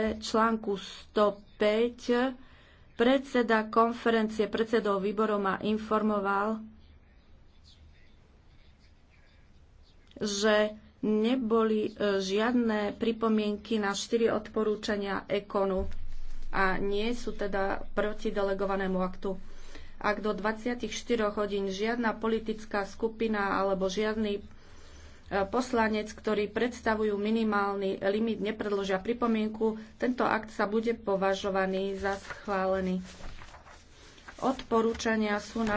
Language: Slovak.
článku 105 predseda konferencie predsedov výborov ma informoval, že neboli e, žiadne pripomienky na štyri odporúčania ekonu a nie sú teda proti delegovanému aktu. Ak do 24 hodín žiadna politická skupina alebo žiadny poslanec, ktorý predstavujú minimálny limit, nepredložia pripomienku, tento akt sa bude považovaný za schválený. Odporúčania sú na